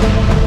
Thank you.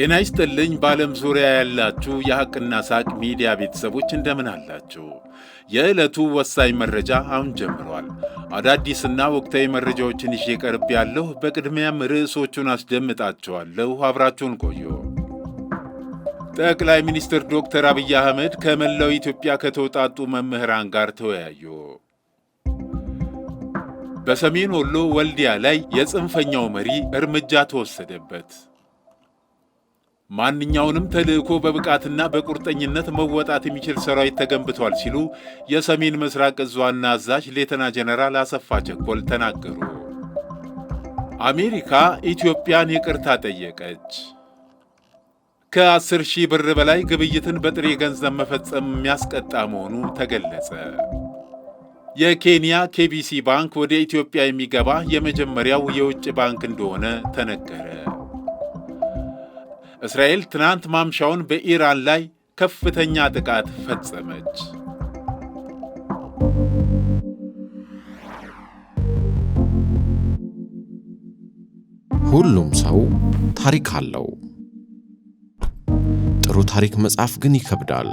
ጤና ይስጥልኝ በዓለም ዙሪያ ያላችሁ የሐቅና ሳቅ ሚዲያ ቤተሰቦች እንደምን አላችሁ? የዕለቱ ወሳኝ መረጃ አሁን ጀምሯል። አዳዲስና ወቅታዊ መረጃዎችን ይዤ ቀርብ ያለሁ። በቅድሚያም ርዕሶቹን አስደምጣችኋለሁ። አብራችሁን ቆዩ። ጠቅላይ ሚኒስትር ዶክተር አብይ አህመድ ከመላው ኢትዮጵያ ከተውጣጡ መምህራን ጋር ተወያዩ። በሰሜን ወሎ ወልዲያ ላይ የጽንፈኛው መሪ እርምጃ ተወሰደበት። ማንኛውንም ተልዕኮ በብቃትና በቁርጠኝነት መወጣት የሚችል ሰራዊት ተገንብቷል ሲሉ የሰሜን ምስራቅ እዝ ዋና አዛዥ ሌተና ጀነራል አሰፋ ቸኮል ተናገሩ። አሜሪካ ኢትዮጵያን ይቅርታ ጠየቀች። ከ10 ሺህ ብር በላይ ግብይትን በጥሬ ገንዘብ መፈጸም የሚያስቀጣ መሆኑ ተገለጸ። የኬንያ ኬቢሲ ባንክ ወደ ኢትዮጵያ የሚገባ የመጀመሪያው የውጭ ባንክ እንደሆነ ተነገረ። እስራኤል ትናንት ማምሻውን በኢራን ላይ ከፍተኛ ጥቃት ፈጸመች። ሁሉም ሰው ታሪክ አለው። ጥሩ ታሪክ መጻፍ ግን ይከብዳል።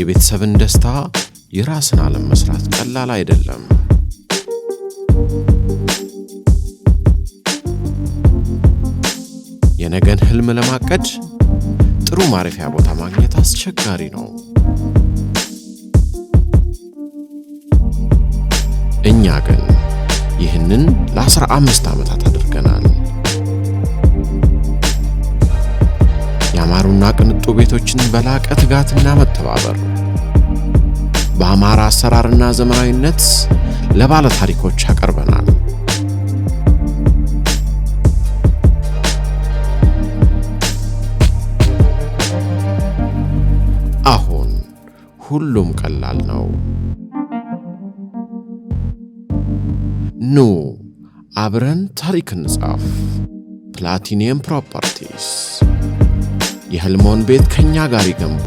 የቤተሰብን ደስታ የራስን ዓለም መስራት ቀላል አይደለም። ህልም ለማቀድ ጥሩ ማረፊያ ቦታ ማግኘት አስቸጋሪ ነው። እኛ ግን ይህንን ለአስራ አምስት ዓመታት አድርገናል። ያማሩና ቅንጡ ቤቶችን በላቀ ትጋትና መተባበር በአማራ አሰራርና ዘመናዊነት ለባለ ታሪኮች አቀርበናል። ሁሉም ቀላል ነው። ኑ አብረን ታሪክ እንጻፍ። ፕላቲኒየም ፕሮፐርቲስ የህልሞን ቤት ከእኛ ጋር ይገንቡ።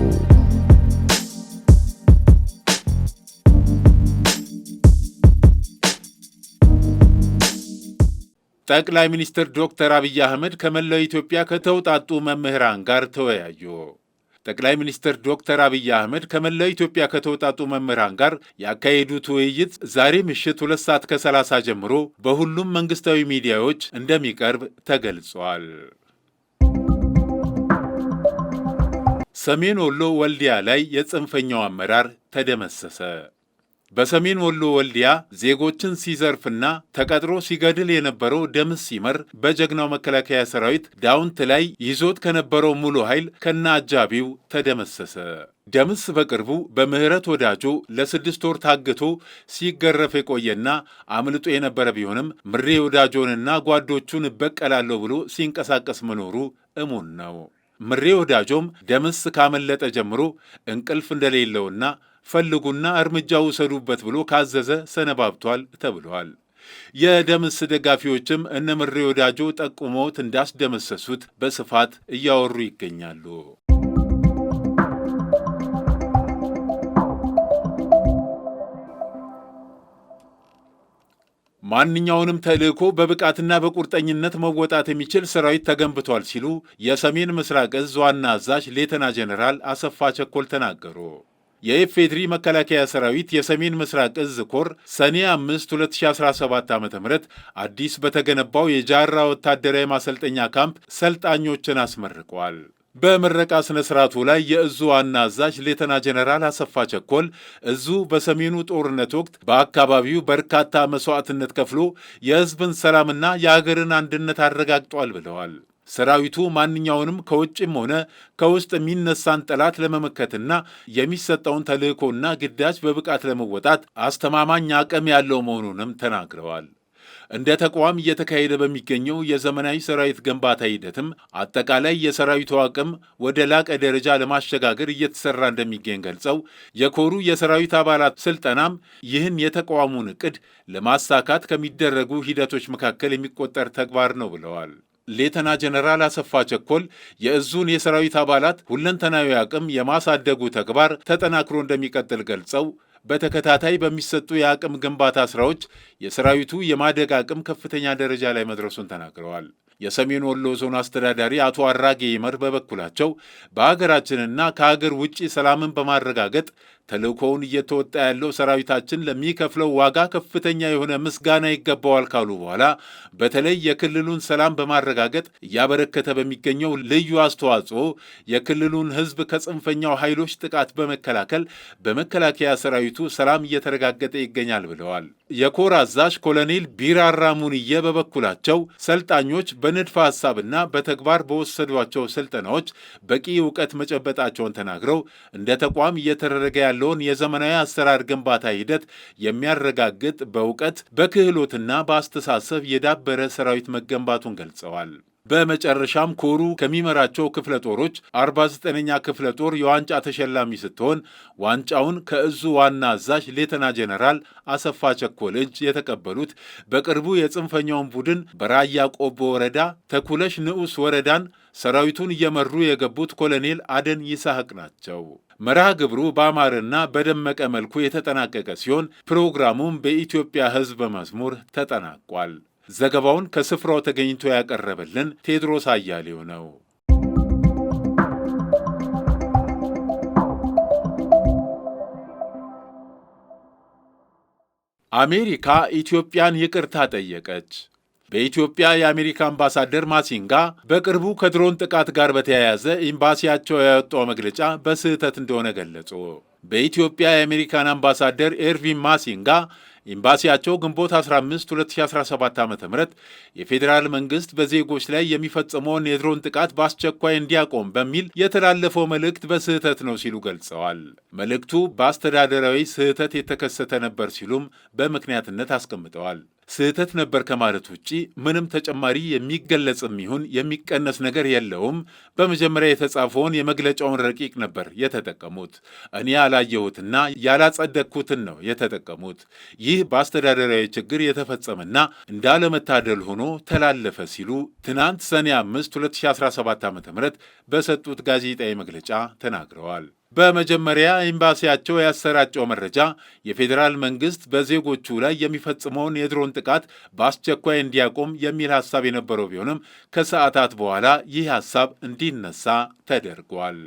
ጠቅላይ ሚኒስትር ዶክተር አብይ አህመድ ከመላው ኢትዮጵያ ከተውጣጡ መምህራን ጋር ተወያዩ። ጠቅላይ ሚኒስትር ዶክተር አብይ አህመድ ከመላው ኢትዮጵያ ከተውጣጡ መምህራን ጋር ያካሄዱት ውይይት ዛሬ ምሽት ሁለት ሰዓት ከ ጀምሮ በሁሉም መንግስታዊ ሚዲያዎች እንደሚቀርብ ተገልጿል። ሰሜን ወሎ ወልዲያ ላይ የጽንፈኛው አመራር ተደመሰሰ። በሰሜን ወሎ ወልዲያ ዜጎችን ሲዘርፍና ተቀጥሮ ሲገድል የነበረው ደምስ ሲመር በጀግናው መከላከያ ሰራዊት ዳውንት ላይ ይዞት ከነበረው ሙሉ ኃይል ከነ አጃቢው ተደመሰሰ። ደምስ በቅርቡ በምህረት ወዳጆ ለስድስት ወር ታግቶ ሲገረፍ የቆየና አምልጦ የነበረ ቢሆንም ምሬ ወዳጆንና ጓዶቹን እበቀላለሁ ብሎ ሲንቀሳቀስ መኖሩ እሙን ነው። ምሬ ወዳጆም ደምስ ካመለጠ ጀምሮ እንቅልፍ እንደሌለውና ፈልጉና እርምጃ ውሰዱበት ብሎ ካዘዘ ሰነባብቷል ተብሏል። የደምስ ደጋፊዎችም እነ ምሬ ወዳጆ ጠቁሞት እንዳስደመሰሱት በስፋት እያወሩ ይገኛሉ። ማንኛውንም ተልእኮ በብቃትና በቁርጠኝነት መወጣት የሚችል ሰራዊት ተገንብቷል ሲሉ የሰሜን ምስራቅ እዝ ዋና አዛዥ ሌተና ጀኔራል አሰፋ ቸኮል ተናገሩ። የኢፌድሪ መከላከያ ሰራዊት የሰሜን ምስራቅ እዝ ኮር ሰኔ 5 2017 ዓ ም አዲስ በተገነባው የጃራ ወታደራዊ ማሰልጠኛ ካምፕ ሰልጣኞችን አስመርቀዋል። በምረቃ ስነ ስርዓቱ ላይ የእዙ ዋና አዛዥ ሌተና ጀነራል አሰፋ ቸኮል እዙ በሰሜኑ ጦርነት ወቅት በአካባቢው በርካታ መስዋዕትነት ከፍሎ የሕዝብን ሰላምና የአገርን አንድነት አረጋግጧል ብለዋል። ሰራዊቱ ማንኛውንም ከውጭም ሆነ ከውስጥ የሚነሳን ጠላት ለመመከትና የሚሰጠውን ተልእኮና ግዳጅ በብቃት ለመወጣት አስተማማኝ አቅም ያለው መሆኑንም ተናግረዋል። እንደ ተቋም እየተካሄደ በሚገኘው የዘመናዊ ሰራዊት ግንባታ ሂደትም አጠቃላይ የሰራዊቱ አቅም ወደ ላቀ ደረጃ ለማሸጋገር እየተሰራ እንደሚገኝ ገልጸው የኮሩ የሰራዊት አባላት ስልጠናም ይህን የተቋሙን እቅድ ለማሳካት ከሚደረጉ ሂደቶች መካከል የሚቆጠር ተግባር ነው ብለዋል። ሌተና ጀነራል አሰፋ ቸኮል የእዙን የሰራዊት አባላት ሁለንተናዊ አቅም የማሳደጉ ተግባር ተጠናክሮ እንደሚቀጥል ገልጸው በተከታታይ በሚሰጡ የአቅም ግንባታ ስራዎች የሰራዊቱ የማደግ አቅም ከፍተኛ ደረጃ ላይ መድረሱን ተናግረዋል። የሰሜን ወሎ ዞን አስተዳዳሪ አቶ አራጌ ይመር በበኩላቸው በሀገራችንና ከሀገር ውጭ ሰላምን በማረጋገጥ ተልእኮውን እየተወጣ ያለው ሰራዊታችን ለሚከፍለው ዋጋ ከፍተኛ የሆነ ምስጋና ይገባዋል ካሉ በኋላ በተለይ የክልሉን ሰላም በማረጋገጥ እያበረከተ በሚገኘው ልዩ አስተዋጽኦ የክልሉን ሕዝብ ከጽንፈኛው ኃይሎች ጥቃት በመከላከል በመከላከያ ሰራዊቱ ሰላም እየተረጋገጠ ይገኛል ብለዋል። የኮር አዛዥ ኮሎኔል ቢራራ ሙንዬ በበኩላቸው ሰልጣኞች በንድፈ ሐሳብና በተግባር በወሰዷቸው ስልጠናዎች በቂ እውቀት መጨበጣቸውን ተናግረው እንደ ተቋም እየተደረገ ያለ ያለውን የዘመናዊ አሰራር ግንባታ ሂደት የሚያረጋግጥ በእውቀት በክህሎትና በአስተሳሰብ የዳበረ ሰራዊት መገንባቱን ገልጸዋል። በመጨረሻም ኮሩ ከሚመራቸው ክፍለ ጦሮች 49ኛ ክፍለ ጦር የዋንጫ ተሸላሚ ስትሆን ዋንጫውን ከእዙ ዋና አዛዥ ሌተና ጄኔራል አሰፋ ቸኮል እጅ የተቀበሉት በቅርቡ የጽንፈኛውን ቡድን በራያ ቆቦ ወረዳ ተኩለሽ ንዑስ ወረዳን ሰራዊቱን እየመሩ የገቡት ኮሎኔል አደን ይስሐቅ ናቸው። መርሃ ግብሩ በአማረና በደመቀ መልኩ የተጠናቀቀ ሲሆን ፕሮግራሙም በኢትዮጵያ ሕዝብ መዝሙር ተጠናቋል። ዘገባውን ከስፍራው ተገኝቶ ያቀረበልን ቴድሮስ አያሌው ነው። አሜሪካ ኢትዮጵያን ይቅርታ ጠየቀች። በኢትዮጵያ የአሜሪካ አምባሳደር ማሲንጋ በቅርቡ ከድሮን ጥቃት ጋር በተያያዘ ኤምባሲያቸው ያወጣው መግለጫ በስህተት እንደሆነ ገለጹ። በኢትዮጵያ የአሜሪካን አምባሳደር ኤርቪን ማሲንጋ ኤምባሲያቸው ግንቦት 15 2017 ዓ ም የፌዴራል መንግሥት በዜጎች ላይ የሚፈጽመውን የድሮን ጥቃት በአስቸኳይ እንዲያቆም በሚል የተላለፈው መልእክት በስህተት ነው ሲሉ ገልጸዋል። መልእክቱ በአስተዳደራዊ ስህተት የተከሰተ ነበር ሲሉም በምክንያትነት አስቀምጠዋል። ስህተት ነበር ከማለት ውጪ ምንም ተጨማሪ የሚገለጽም ይሁን የሚቀነስ ነገር የለውም። በመጀመሪያ የተጻፈውን የመግለጫውን ረቂቅ ነበር የተጠቀሙት። እኔ ያላየሁትና ያላጸደቅኩትን ነው የተጠቀሙት። ይህ በአስተዳደራዊ ችግር የተፈጸመና እንዳለመታደል ሆኖ ተላለፈ ሲሉ ትናንት ሰኔ 5 2017 ዓ ም በሰጡት ጋዜጣዊ መግለጫ ተናግረዋል። በመጀመሪያ ኤምባሲያቸው ያሰራጨው መረጃ የፌዴራል መንግስት በዜጎቹ ላይ የሚፈጽመውን የድሮን ጥቃት በአስቸኳይ እንዲያቆም የሚል ሐሳብ የነበረው ቢሆንም ከሰዓታት በኋላ ይህ ሐሳብ እንዲነሳ ተደርጓል።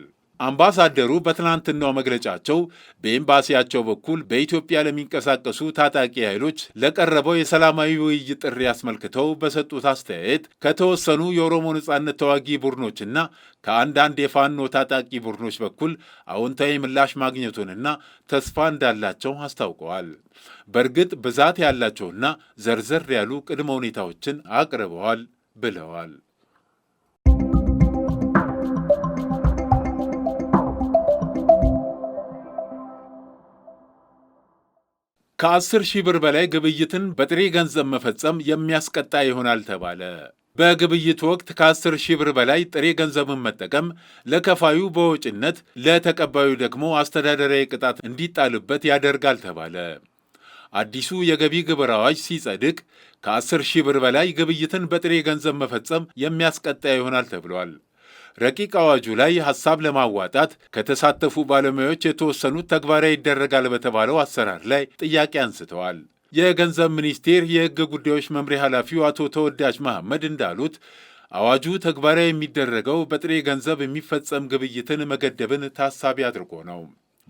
አምባሳደሩ በትናንትናው መግለጫቸው በኤምባሲያቸው በኩል በኢትዮጵያ ለሚንቀሳቀሱ ታጣቂ ኃይሎች ለቀረበው የሰላማዊ ውይይት ጥሪ አስመልክተው በሰጡት አስተያየት ከተወሰኑ የኦሮሞ ነጻነት ተዋጊ ቡድኖችና ከአንዳንድ የፋኖ ታጣቂ ቡድኖች በኩል አዎንታዊ ምላሽ ማግኘቱንና ተስፋ እንዳላቸው አስታውቀዋል። በእርግጥ ብዛት ያላቸውና ዘርዘር ያሉ ቅድመ ሁኔታዎችን አቅርበዋል ብለዋል። ከ10 ሺህ ብር በላይ ግብይትን በጥሬ ገንዘብ መፈጸም የሚያስቀጣ ይሆናል ተባለ። በግብይት ወቅት ከ10 ሺህ ብር በላይ ጥሬ ገንዘብን መጠቀም ለከፋዩ በወጪነት ለተቀባዩ ደግሞ አስተዳደራዊ ቅጣት እንዲጣልበት ያደርጋል ተባለ። አዲሱ የገቢ ግብር አዋጅ ሲጸድቅ ከ10 ሺህ ብር በላይ ግብይትን በጥሬ ገንዘብ መፈጸም የሚያስቀጣ ይሆናል ተብሏል። ረቂቅ አዋጁ ላይ ሀሳብ ለማዋጣት ከተሳተፉ ባለሙያዎች የተወሰኑት ተግባራዊ ይደረጋል በተባለው አሰራር ላይ ጥያቄ አንስተዋል። የገንዘብ ሚኒስቴር የሕግ ጉዳዮች መምሪያ ኃላፊው አቶ ተወዳጅ መሐመድ እንዳሉት አዋጁ ተግባራዊ የሚደረገው በጥሬ ገንዘብ የሚፈጸም ግብይትን መገደብን ታሳቢ አድርጎ ነው።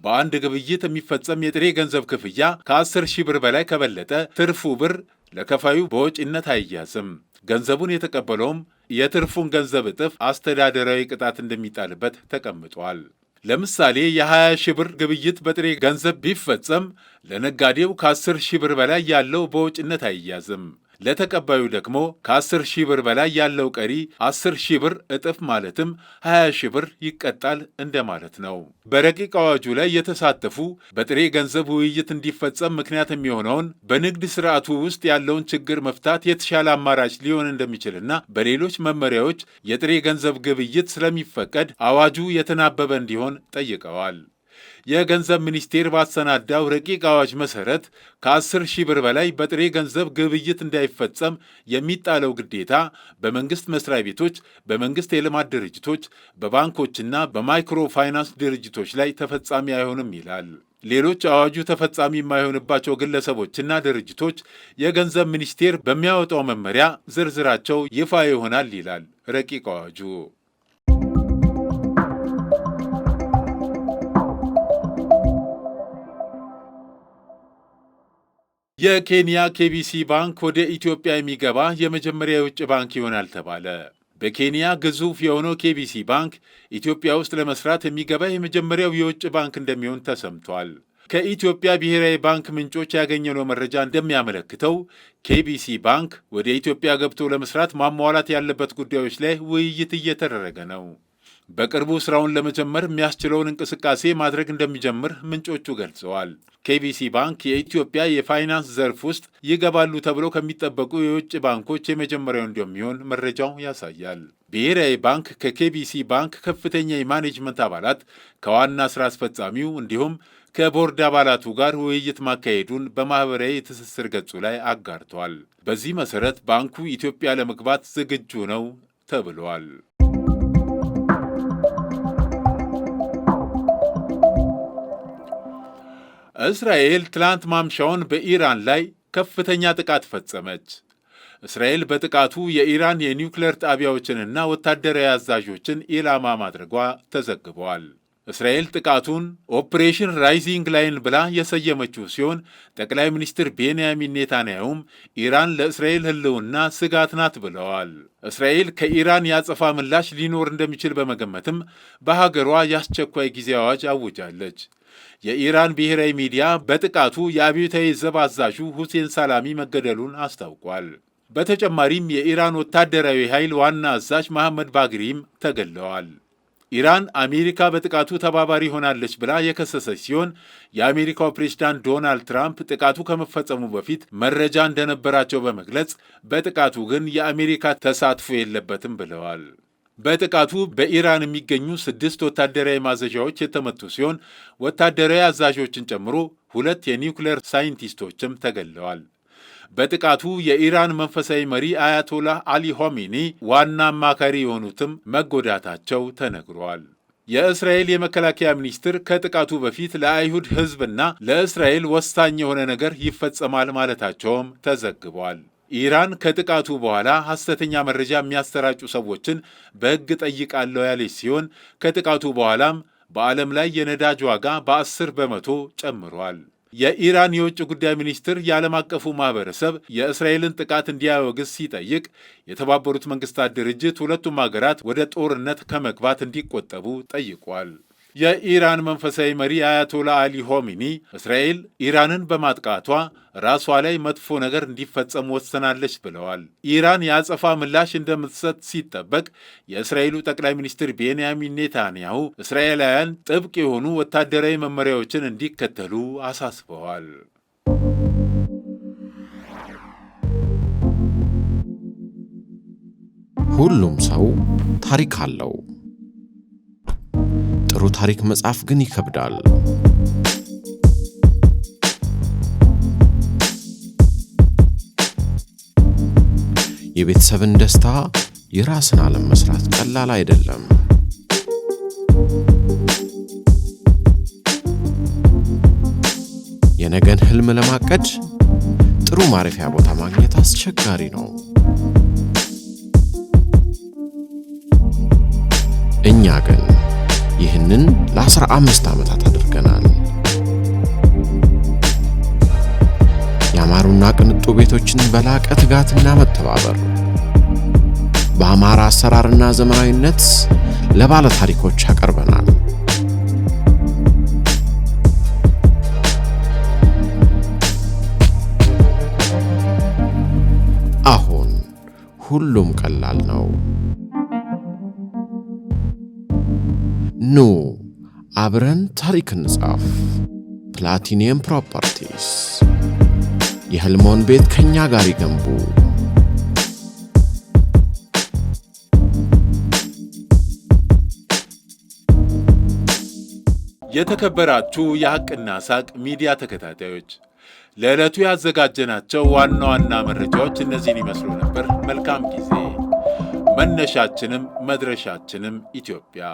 በአንድ ግብይት የሚፈጸም የጥሬ ገንዘብ ክፍያ ከ10 ሺህ ብር በላይ ከበለጠ ትርፉ ብር ለከፋዩ በወጪነት አይያዝም። ገንዘቡን የተቀበለውም የትርፉን ገንዘብ እጥፍ አስተዳደራዊ ቅጣት እንደሚጣልበት ተቀምጧል። ለምሳሌ የ20 ሺህ ብር ግብይት በጥሬ ገንዘብ ቢፈጸም ለነጋዴው ከ10 ሺህ ብር በላይ ያለው በውጭነት አይያዝም። ለተቀባዩ ደግሞ ከ10 ሺህ ብር በላይ ያለው ቀሪ 10 ሺህ ብር እጥፍ ማለትም 20 ሺህ ብር ይቀጣል እንደማለት ነው። በረቂቅ አዋጁ ላይ የተሳተፉ በጥሬ ገንዘብ ውይይት እንዲፈጸም ምክንያት የሚሆነውን በንግድ ስርዓቱ ውስጥ ያለውን ችግር መፍታት የተሻለ አማራጭ ሊሆን እንደሚችልና በሌሎች መመሪያዎች የጥሬ ገንዘብ ግብይት ስለሚፈቀድ አዋጁ የተናበበ እንዲሆን ጠይቀዋል። የገንዘብ ሚኒስቴር ባሰናዳው ረቂቅ አዋጅ መሰረት ከ10 ሺህ ብር በላይ በጥሬ ገንዘብ ግብይት እንዳይፈጸም የሚጣለው ግዴታ በመንግስት መስሪያ ቤቶች፣ በመንግስት የልማት ድርጅቶች፣ በባንኮችና በማይክሮ ፋይናንስ ድርጅቶች ላይ ተፈጻሚ አይሆንም ይላል። ሌሎች አዋጁ ተፈጻሚ የማይሆንባቸው ግለሰቦችና ድርጅቶች የገንዘብ ሚኒስቴር በሚያወጣው መመሪያ ዝርዝራቸው ይፋ ይሆናል ይላል ረቂቅ አዋጁ። የኬንያ ኬቢሲ ባንክ ወደ ኢትዮጵያ የሚገባ የመጀመሪያ የውጭ ባንክ ይሆናል ተባለ። በኬንያ ግዙፍ የሆነው ኬቢሲ ባንክ ኢትዮጵያ ውስጥ ለመስራት የሚገባ የመጀመሪያው የውጭ ባንክ እንደሚሆን ተሰምቷል። ከኢትዮጵያ ብሔራዊ ባንክ ምንጮች ያገኘነው መረጃ እንደሚያመለክተው ኬቢሲ ባንክ ወደ ኢትዮጵያ ገብቶ ለመስራት ማሟላት ያለበት ጉዳዮች ላይ ውይይት እየተደረገ ነው። በቅርቡ ስራውን ለመጀመር የሚያስችለውን እንቅስቃሴ ማድረግ እንደሚጀምር ምንጮቹ ገልጸዋል። ኬቢሲ ባንክ የኢትዮጵያ የፋይናንስ ዘርፍ ውስጥ ይገባሉ ተብሎ ከሚጠበቁ የውጭ ባንኮች የመጀመሪያው እንደሚሆን መረጃው ያሳያል። ብሔራዊ ባንክ ከኬቢሲ ባንክ ከፍተኛ የማኔጅመንት አባላት ከዋና ስራ አስፈጻሚው እንዲሁም ከቦርድ አባላቱ ጋር ውይይት ማካሄዱን በማኅበራዊ የትስስር ገጹ ላይ አጋርቷል። በዚህ መሠረት ባንኩ ኢትዮጵያ ለመግባት ዝግጁ ነው ተብሏል። እስራኤል ትላንት ማምሻውን በኢራን ላይ ከፍተኛ ጥቃት ፈጸመች። እስራኤል በጥቃቱ የኢራን የኒውክሌር ጣቢያዎችንና ወታደራዊ አዛዦችን ኢላማ ማድረጓ ተዘግበዋል። እስራኤል ጥቃቱን ኦፕሬሽን ራይዚንግ ላይን ብላ የሰየመችው ሲሆን ጠቅላይ ሚኒስትር ቤንያሚን ኔታንያሁም ኢራን ለእስራኤል ሕልውና ስጋት ናት ብለዋል። እስራኤል ከኢራን የአጸፋ ምላሽ ሊኖር እንደሚችል በመገመትም በሀገሯ የአስቸኳይ ጊዜ አዋጅ አውጃለች። የኢራን ብሔራዊ ሚዲያ በጥቃቱ የአብዮታዊ ዘብ አዛዡ ሁሴን ሳላሚ መገደሉን አስታውቋል። በተጨማሪም የኢራን ወታደራዊ ኃይል ዋና አዛዥ መሐመድ ባግሪም ተገድለዋል። ኢራን አሜሪካ በጥቃቱ ተባባሪ ሆናለች ብላ የከሰሰች ሲሆን የአሜሪካው ፕሬዝዳንት ዶናልድ ትራምፕ ጥቃቱ ከመፈጸሙ በፊት መረጃ እንደነበራቸው በመግለጽ በጥቃቱ ግን የአሜሪካ ተሳትፎ የለበትም ብለዋል። በጥቃቱ በኢራን የሚገኙ ስድስት ወታደራዊ ማዘዣዎች የተመቱ ሲሆን ወታደራዊ አዛዦችን ጨምሮ ሁለት የኒውክሌር ሳይንቲስቶችም ተገለዋል። በጥቃቱ የኢራን መንፈሳዊ መሪ አያቶላህ አሊ ሆሚኒ ዋና አማካሪ የሆኑትም መጎዳታቸው ተነግሯል። የእስራኤል የመከላከያ ሚኒስትር ከጥቃቱ በፊት ለአይሁድ ሕዝብና ለእስራኤል ወሳኝ የሆነ ነገር ይፈጸማል ማለታቸውም ተዘግቧል። ኢራን ከጥቃቱ በኋላ ሐሰተኛ መረጃ የሚያሰራጩ ሰዎችን በሕግ ጠይቃለሁ ያለች ሲሆን ከጥቃቱ በኋላም በዓለም ላይ የነዳጅ ዋጋ በአስር በመቶ ጨምሯል። የኢራን የውጭ ጉዳይ ሚኒስትር የዓለም አቀፉ ማህበረሰብ የእስራኤልን ጥቃት እንዲያወግዝ ሲጠይቅ የተባበሩት መንግስታት ድርጅት ሁለቱም ሀገራት ወደ ጦርነት ከመግባት እንዲቆጠቡ ጠይቋል። የኢራን መንፈሳዊ መሪ አያቶላ አሊ ሆሚኒ እስራኤል ኢራንን በማጥቃቷ ራሷ ላይ መጥፎ ነገር እንዲፈጸም ወስናለች ብለዋል። ኢራን የአጸፋ ምላሽ እንደምትሰጥ ሲጠበቅ የእስራኤሉ ጠቅላይ ሚኒስትር ቤንያሚን ኔታንያሁ እስራኤላውያን ጥብቅ የሆኑ ወታደራዊ መመሪያዎችን እንዲከተሉ አሳስበዋል። ሁሉም ሰው ታሪክ አለው። የሀገሩ ታሪክ መጻፍ ግን ይከብዳል። የቤተሰብን ደስታ የራስን ዓለም መስራት ቀላል አይደለም። የነገን ህልም ለማቀድ ጥሩ ማረፊያ ቦታ ማግኘት አስቸጋሪ ነው። እኛ ግን ይህንን ለ15 ዓመታት አድርገናል። ያማሩና ቅንጡ ቤቶችን በላቀ ትጋትና መተባበር በአማራ አሰራርና ዘመናዊነት ለባለ ታሪኮች አቀርበናል። አሁን ሁሉም ቀላል ነው። ኑ አብረን ታሪክ እንጻፍ። ፕላቲኒየም ፕሮፐርቲስ የህልሞን ቤት ከእኛ ጋር ይገንቡ። የተከበራችሁ የሐቅና ሳቅ ሚዲያ ተከታታዮች ለዕለቱ ያዘጋጀናቸው ዋና ዋና መረጃዎች እነዚህን ይመስሉ ነበር። መልካም ጊዜ። መነሻችንም መድረሻችንም ኢትዮጵያ።